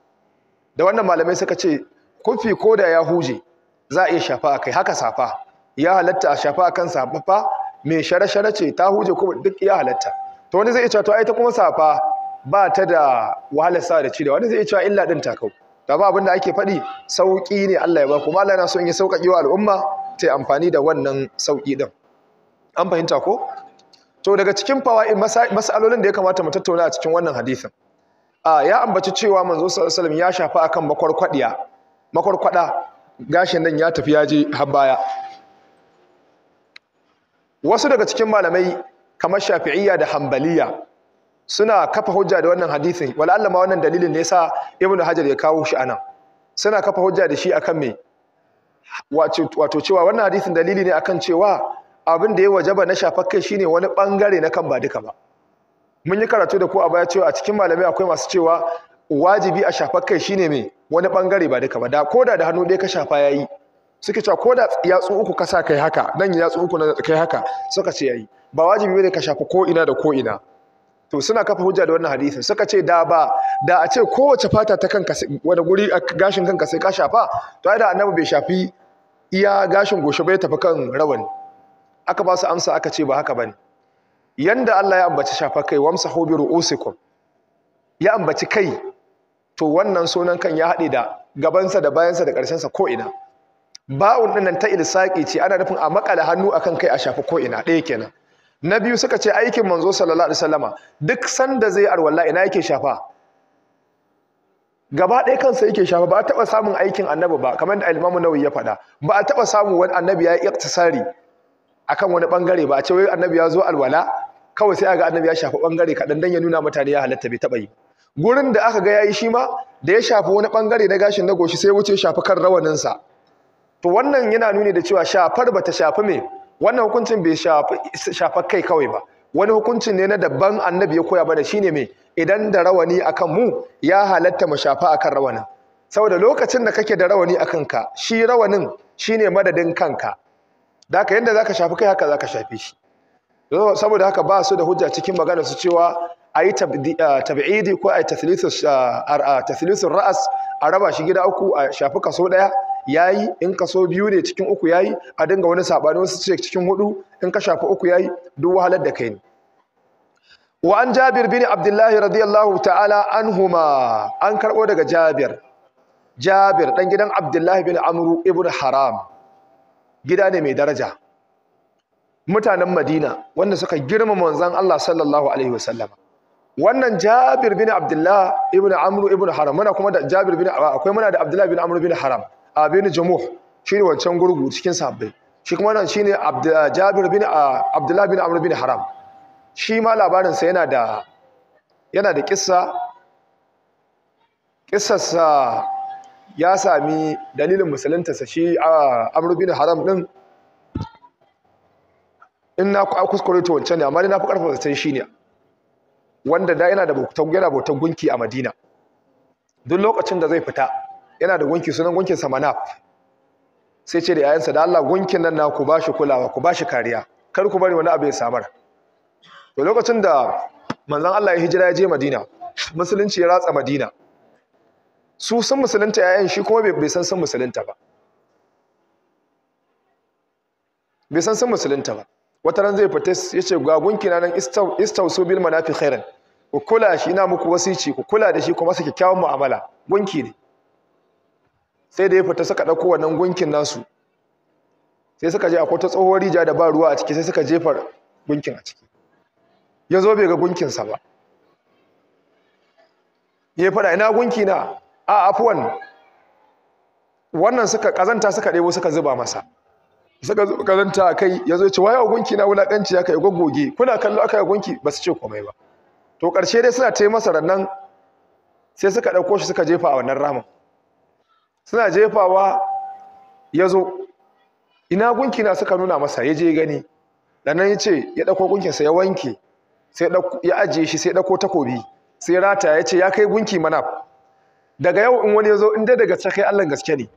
da wannan malamai suka ce kufi ko da ya huje za a iya shafa a kai haka safa ya halatta a shafa akan safa mai share-share ce ta huje kuma duk ya halatta to wani zai iya cewa to ai ta kuma safa ba ta da wahalar sa da cirewa wani zai iya cewa illa din takau da ba abin da ake faɗi sauƙi ne Allah ya ba kuma Allah yana so in ya sauƙaƙe wa al'umma ta amfani da wannan sauƙi din an fahimta ko to daga cikin fawaid masalolin da ya kamata mu tattauna a cikin wannan hadisin a ya ambaci cewa manzo sallallahu alaihi ya shafa akan makwarkwadiya makwarkwada gashin nan ya tafi ya je har baya wasu daga cikin malamai kamar shafi'iyya da hambaliya suna kafa hujja da wannan hadisin wala Allah ma wannan dalilin ne yasa ibnu hajar ya kawo shi anan suna kafa hujja da shi akan me wato cewa wannan hadisin dalili ne akan cewa abin da ya wajaba na shafar kai shine wani bangare na kan ba duka ba mun yi karatu da ku a baya cewa a cikin malamai akwai masu cewa wajibi a shafar kai shine me wani bangare ba duka ba da koda da hannu ɗaya ka shafa yayi suke cewa koda yatsu uku ka sa kai haka nan yatsu uku na kai haka suka ce yayi ba wajibi bane ka shafa ko ina da ko ina to suna kafa hujja da wannan hadisin suka ce da ba da a ce kowace fata ta kanka wani guri gashin kanka sai ka shafa to ai da annabi bai shafi iya gashin goshe bai ya tafi kan rawani aka ba su amsa aka ce ba haka bane yanda Allah ya ambaci shafa kai wamsahu bi ru'usikum ya ambaci kai to wannan sunan kan ya haɗe da gabansa da bayansa da ƙarshensa ko ina ba'un din nan ta ilsaqi ce ana nufin a makala hannu akan kai a shafa ko ina ɗaya kenan na biyu suka ce aikin manzo sallallahu alaihi wasallama duk sanda zai arwalla ina yake shafa gaba ɗaya kansa yake shafa ba a taɓa samun aikin annabi ba kamar da al-Imam ya faɗa ba a taɓa samun wani annabi ya yi iktisari akan wani bangare ba a ce wai annabi ya zo alwala kawai sai aga annabi ya shafi bangare kaɗan dan ya nuna mutane ya halatta bai taɓa yi gurin da aka ga yayi shi ma da ya shafi wani bangare na gashin na goshi sai wuce shafi kan rawaninsa to wannan yana nuni da cewa shafar bata shafi me wannan hukuncin bai shafi kai kawai ba wani hukuncin ne na daban annabi ya koya mana shine me idan da rawani akan mu ya halatta mu shafa akan rawanin saboda lokacin da kake da rawani akan ka shi rawanin shine madadin kanka da haka yadda za ka shafi kai haka za shafi shi saboda haka ba su da hujja cikin magana su cewa a yi tabi'idi ko a yi tathlisun ra'as a raba shi gida uku a shafi kaso ɗaya yayi in kaso biyu ne cikin uku yayi a dinga wani sabani wasu ce cikin hudu in ka shafi uku yayi duk wahalar da kai ne wa an jabir bin abdullahi radiyallahu ta'ala anhuma an karɓo daga jabir jabir ɗan gidan abdullahi bin amru ibn haram gida ne mai daraja mutanen Madina wanda suka girma manzan Allah sallallahu alaihi wasallam wannan Jabir bin Abdullah ibn Amru ibn Haram muna kuma da Jabir bin akwai muna da Abdullah bin Amru bin Haram a bin Shi ne wancan gurgu cikin sahabbai shi kuma wannan shine Jabir bin Abdullah bin Amru bin Haram shi ma labarin sa yana da yana da kissa ya sami dalilin sa shi a amurbin haram din in na kuskure ta wancan ne amma dai na fi ƙarfafa zaton shi ne wanda da yana da bautan gunki a madina duk lokacin da zai fita yana da gunki sunan gunkin sa manaf sai ce da yayansa da Allah gunkin nan na ku ba shi kulawa ku ba shi kariya kar ku bari wani abu ya samar to lokacin da manzon Allah ya hijira ya je Madina musulunci ya ratsa Madina su sun musulunta yayan shi kuma bai san sun musulunta ba bai san san musulunta ba wata ran zai fita ya ce ga gunki na nan istausu bil manafi khairan ku kula shi ina muku wasici ku kula da shi kuma su kyakkyawan mu'amala gunki ne sai da ya fita suka ɗauko wannan gunkin nasu sai suka je akwai ta tsohuwar rija da ba ruwa a ciki sai suka jefa gunkin a ciki ya zo bai ga gunkinsa ba ya faɗa ina gunki na a afuwan wannan suka kazanta suka ɗebo suka zuba masa suka zuba kazanta a kai ya zo ce waye gunki na wulaƙanci ya kai goggoge kuna kallo aka yi gunki ba su ce komai ba to ƙarshe dai suna ta yi masa rannan sai suka ɗauko shi suka jefa a wannan ramin suna jefawa ya zo ina gunki na suka nuna masa ya je gani nan ya ce ya ɗauko gunkinsa ya wanke sai ya ajiye shi sai ya ɗauko takobi sai rata ya ce ya kai gunki manaf daga yau in wani ya zo in dai daga gaske kai Allah gaske ne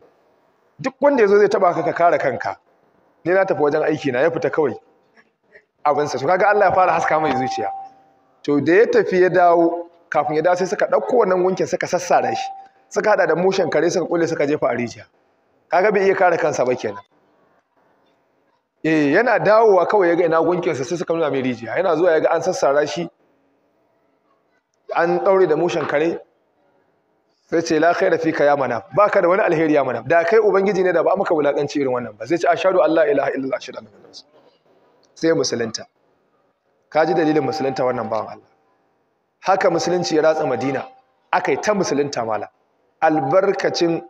duk wanda ya zo zai taba ka ka kare kanka ne na tafi wajen aiki na ya fita kawai abin sa. to kaga Allah ya fara haska mai zuciya to da ya tafi ya dawo kafin ya dawo sai suka ɗauko wannan gunkin suka sassara shi suka hada da mushen kare suka kulle suka jefa a rijiya kaga bai iya kare kansa ba kenan eh yana dawowa kawai yaga ina gunkin sa sai suka nuna mai rijiya yana zuwa yaga an sassara shi an daure da mushen kare sai ce la khaira fika ya manaf baka da wani alheri ya manaf da kai ubangiji ne da ba maka wulakanci irin wannan ba sai ce ashhadu an la ilaha illallah ashhadu anna muhammadan sai musulunta ka ji dalilin musulunta wannan bawan Allah haka musulunci ya ratsa Madina aka yi ta musulunta mala albarkacin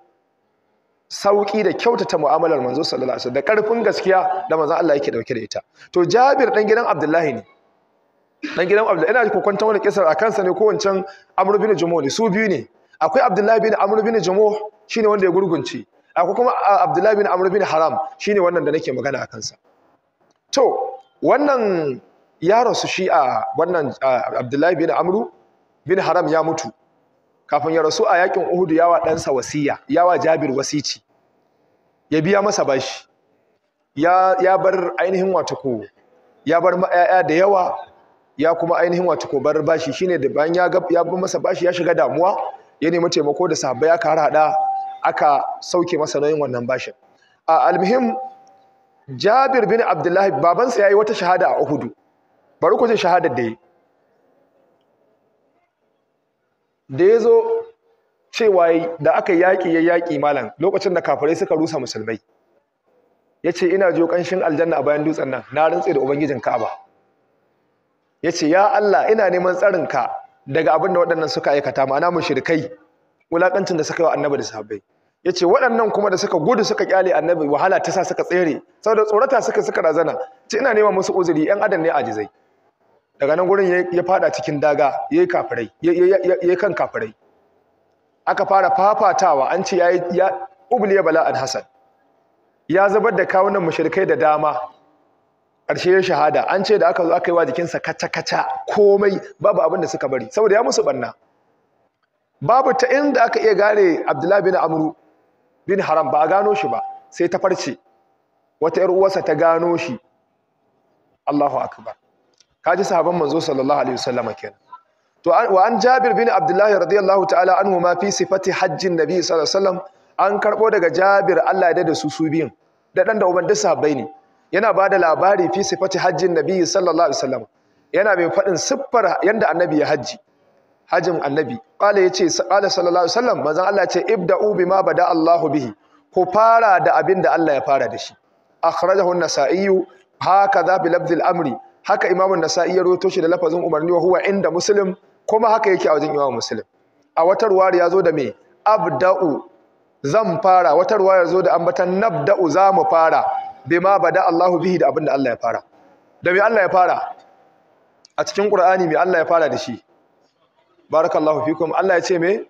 sauki da kyautata mu'amalar manzo sallallahu alaihi wasallam da karfin gaskiya da manzo Allah yake dauke da ita to Jabir dan gidan Abdullahi ne dan gidan Abdullahi ina kokon kwantan wani kisar akan sa ne ko wancan Amr bin jumuli ne su biyu ne akwai abdullahi bin amr bin shi shine wanda ya gurgunce akwai kuma abdullahi bin amr bin haram shine wannan da nake magana a kansa to wannan yaron su shi a wannan abdullahi bin amr bin haram ya mutu kafin ya rasu a yakin Uhud yawa ɗansa wasiya yawa Jabir wasici ya biya masa bashi ya ya bar ainihin wato ko ya bar ma'aya da yawa ya kuma ainihin wato ko bar bashi shine da bayan ya ga ya bar masa bashi ya shiga damuwa ya nemi taimako da ya aka hada aka sauke masa nauyin wannan bashin a almuhim jabir bin abdullahi babansa ya yi wata shahada a uhudu bari ku shahadar da yi da ya zo cewa da aka yaƙi ya yaƙi malam lokacin da kafirai suka rusa musulmai ya ce ina jo ƙanshin aljanna a bayan dutsen nan na rantse da ubangijin ka'aba ya ce ya allah ina neman tsarin ka. daga abin da waɗannan suka aikata ma'ana mushrikai wulakancin da suka yi wa annabi da sahabbai yace waɗannan kuma da suka gudu suka kyale annabi wahala ta sa suka tsere saboda tsorata suka suka razana ce ina nema musu uzuri yan adam ne ajizai daga nan gurin ya fada cikin daga yayi kafirai yayi kan kafirai aka fara fafatawa an ce yayi ya ubliya bala'an hasan ya zubar da kawunan mushrikai da dama ƙarshe ya shahada an ce da aka zo aka yi wa jikinsa kaca-kaca komai babu abin da suka bari saboda ya musu banna babu ta inda aka iya gane abdullahi bin amru bin haram ba a gano shi ba sai ta farce wata ‘yar uwarsa ta gano shi Allahu akbar kaji sahaban manzo sallallahu alaihi wasallam kenan to wa an jabir bin abdullahi radiyallahu ta'ala anhu ma fi sifati hajjin nabi sallallahu alaihi wasallam an karbo daga jabir Allah ya da su su biyun da dan da uban da sahabbai ne yana ba da labari fi sifati hajjin nabi sallallahu alaihi wasallam yana mai faɗin siffar yanda annabi ya hajji hajjin annabi qala yace qala sallallahu alaihi wasallam manzon Allah ya ce ibda'u bima bada Allahu bihi ku fara da abin da Allah ya fara da shi akhrajahu an-nasa'i hakaza bi labdil amri haka imamu an-nasa'i ya rawaito shi da lafazin umarni wa huwa inda muslim kuma haka yake a wajen imamu muslim a wata ruwaya ya zo da me abda'u zan fara wata ruwaya ya zo da ambatan nabda'u za mu fara bima bada Allahu bihi da abin da Allah ya fara da me Allah ya fara a cikin Qur'ani me Allah ya fara da shi barakallahu fikum Allah ya ce me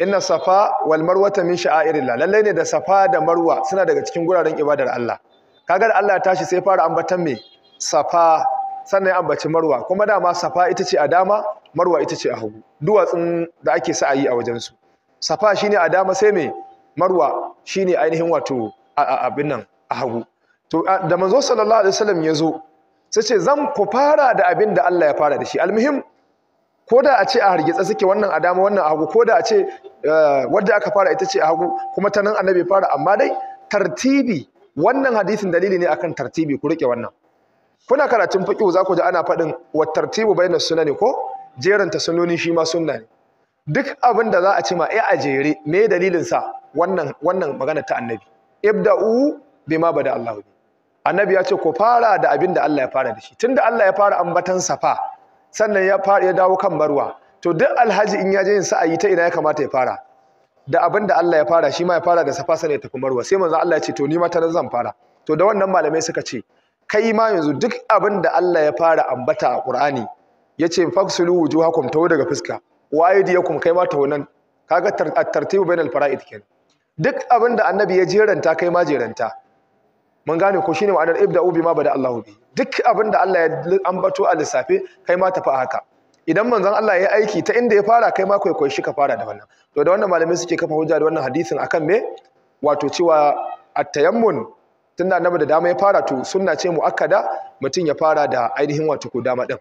inna safa wal marwata min sha'airillah lalle ne da safa da marwa suna daga cikin guraren ibadar Allah kaga da Allah ya tashi sai fara ambatan me safa sannan ya ambaci marwa kuma dama safa ita ce a dama marwa ita ce a hagu duwatsun da ake sa ayi a wajen su safa shine a dama sai me marwa shine ainihin wato abin nan a hagu to da manzo sallallahu alaihi wasallam ya zo sai ce zan ku fara da abin da Allah ya fara da shi almuhim ko da a ce a hargitsa suke wannan a dama wannan a hagu ko da a ce eh, wadda aka fara ita ce a hagu kuma ta nan annabi fara amma dai tartibi wannan hadisin dalili ne akan tartibi ku rike wannan kuna karatun fiqh za ku ji ana faɗin wa tartibu bayna sunani ko jeran ta sunoni shi ma sunna ne duk abin da za a ce ma eh a jere me dalilin sa wannan wannan magana ta annabi ibda'u bima bada Allahu bi annabi ya ce ku fara da abin da Allah ya fara da shi tunda Allah ya fara ambatan safa sannan ya fara ya dawo kan marwa to duk alhaji in ya je yin sa'ayi ta ina ya kamata ya fara da abin da Allah ya fara shi ma ya fara da safa sannan ya tafi marwa sai manzo Allah ya ce to ni ma tana zan fara to da wannan malamai suka ce kai ma yanzu duk abin da Allah ya fara ambata a Qur'ani yace faksulu wujuhakum tawo daga fuska wa aydiyakum kai ma tawo nan kaga at-tartibu bainal fara'id kenan duk abin da annabi ya jeranta kai ma jeranta mun gane ko shine ma'anar ibda'u bima bada Allahu bi duk abin da Allah ya ambato a lissafe kai ma tafi haka idan manzon Allah ya aiki ta inda ya fara kai ma kwaikwayo shi ka fara da wannan to da wannan malamai suke kafa hujja da wannan hadisin akan me wato cewa at-tayammun tunda annabi da dama ya fara to sunna ce muakkada mutum ya fara da ainihin wato ko dama din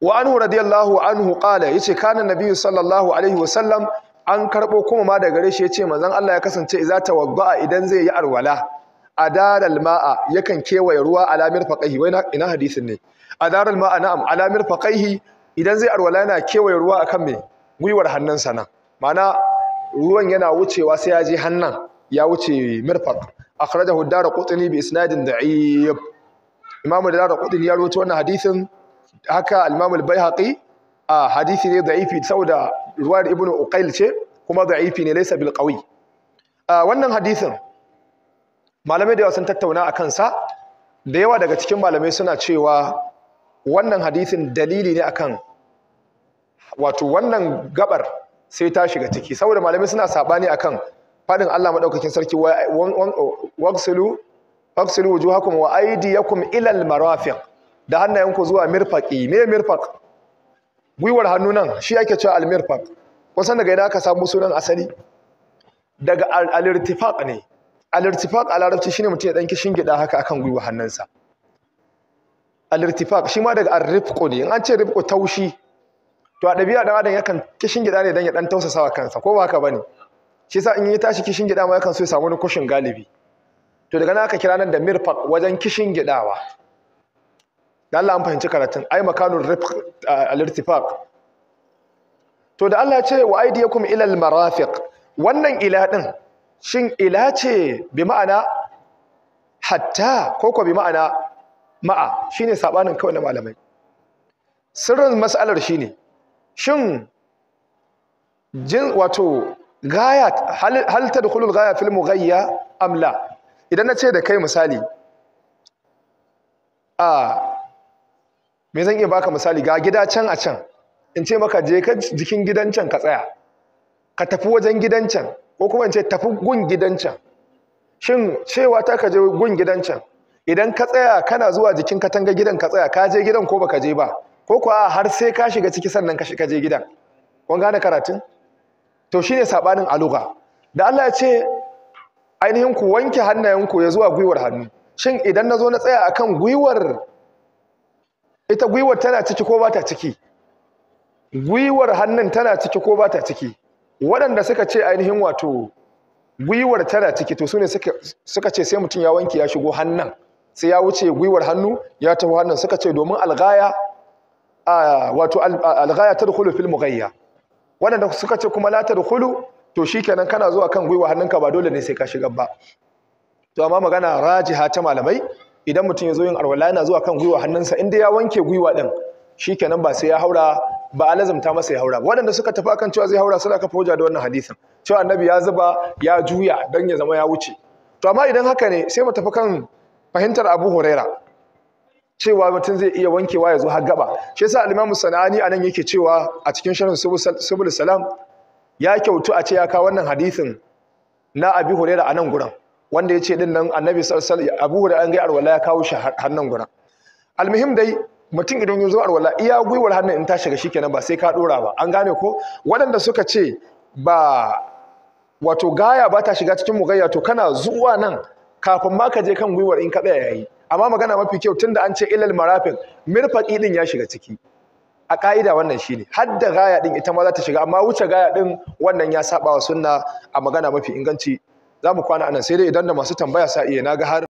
wa anhu radiyallahu anhu qala yace kana nabi sallallahu alaihi wasallam an karbo kuma ma daga gare shi yace manzon Allah ya kasance idza tawadda idan zai yi arwala adaral ma'a yakan kewaye ruwa alamir faqaihi wai ina hadisin ne adaral ma'a na'am alamir faqaihi idan zai arwala yana kewaye ruwa akan me gwiwar hannunsa nan ma'ana ruwan yana wucewa sai ya je hannan ya wuce mirfaq akhrajahu ad-darqutni bi isnadin da'if imamu ad-darqutni ya rawaito wannan hadisin haka al-imam al-baihaqi a hadisi ne da'ifi saboda ruwar ibnu uqail ce kuma da'ifi ne laysa bil wannan hadisin malamai da yawa sun tattauna a kansa da yawa daga cikin malamai suna cewa wannan hadisin dalili ne akan wato wannan gabar sai ta shiga ciki saboda malamai suna sabani akan fadin Allah madaukakin sarki waqsilu waqsilu wujuhakum wa aydiyakum ila almarafiq da hannayenku zuwa mirfaqi me mirfaq gwiwar hannu nan shi ake cewa almirfaq kusan daga idan aka samu sunan asali daga alirtifaq ne al-irtifaq a larabci shine mutum ya dan kishin gida haka akan gwiwa hannunsa al-irtifaq shi ma daga ar-rifqu ne in an ce rifqu taushi to a dabi'a dan adam yakan kishin gida ne dan ya dan wa kansa ko ba haka bane shi yasa in ya tashi kishin gida ma yakan so ya samu wani kushin galibi to daga nan aka kira nan da mirfaq wajen kishin gidawa da Allah an fahimci karatun ai makanun rifq al-irtifaq to da Allah ya ce wa aydiyakum ila al-marafiq wannan ila din shin ila ce bi ma'ana hatta ko ko bi ma'ana ma'a shine saɓanin kawai na malamai sirrin mas'alar shine shin jin wato gaya hal tadkhulul gaya fil mughayya am la idan nace da kai misali a me zan iya baka misali ga gida can a can in ce maka je ka jikin gidan can ka tsaya ka tafi wajen gidan can ko kuma ce tafi gun gidan shin cewa ta ka je gun gidan can idan ka tsaya kana zuwa jikin katanga gidan ka tsaya ka je gidan ko baka je ba ko kuwa har sai ka shiga ciki sannan ka shiga je gidan kun gane karatun to shine sabanin aluga da Allah ya ce ainihin ku wanke hannayenku ya zuwa gwiwar hannu shin idan zo na tsaya akan gwiwar ita gwiwar tana ciki ko ba ta ciki gwiwar hannun tana ciki ko ba ta ciki waɗanda suka ce ainihin wato gwiwar tana ciki to su suka ce sai mutum ya wanke ya shigo hannun sai ya wuce gwiwar hannu ya taho hannun suka ce domin algaya wato algaya dukulu fil mughayya waɗanda suka ce kuma la dukulu to shikenan kana zuwa kan gwiwa hannunka ba dole ne sai ka shiga ba to amma magana rajiha ta malamai idan mutum ya zo yin arwala yana zuwa kan gwiwa hannunsa inda ya wanke gwiwa shi shikenan ba sai ya haura ba a lazamta masa ya haura ba waɗanda suka tafi akan cewa zai haura suna kafa hujja da wannan hadisin cewa annabi ya zuba ya juya dan ya zama ya wuce to amma idan haka ne sai mu tafi kan fahimtar Abu Huraira cewa mutum zai iya wankewa ya zo har gaba shi yasa al-Imam Sanani anan yake cewa a cikin sharhin Subul Salam ya kyautu a ce ya kawo wannan hadisin na Abu Huraira anan guran wanda yace din nan Annabi sallallahu alaihi wasallam Abu Huraira an ga arwala ya kawo shi har nan guran almuhim dai mutum idan ya zo alwala iya gwiwar hannun in ta shiga kenan ba sai ka dora ba an gane ko waɗanda suka ce ba wato gaya ba ta shiga cikin mugayya to kana zuwa nan kafin ma ka je kan gwiwar in ka tsaya yayi amma magana mafi kyau tun da an ce ilal marafin mirfaqi ɗin ya shiga ciki a ka'ida wannan shi ne. da gaya din ita ma za ta shiga amma wuce gaya din wannan ya saba wa sunna a magana mafi inganci za mu kwana anan sai dai idan da masu tambaya sa iya naga har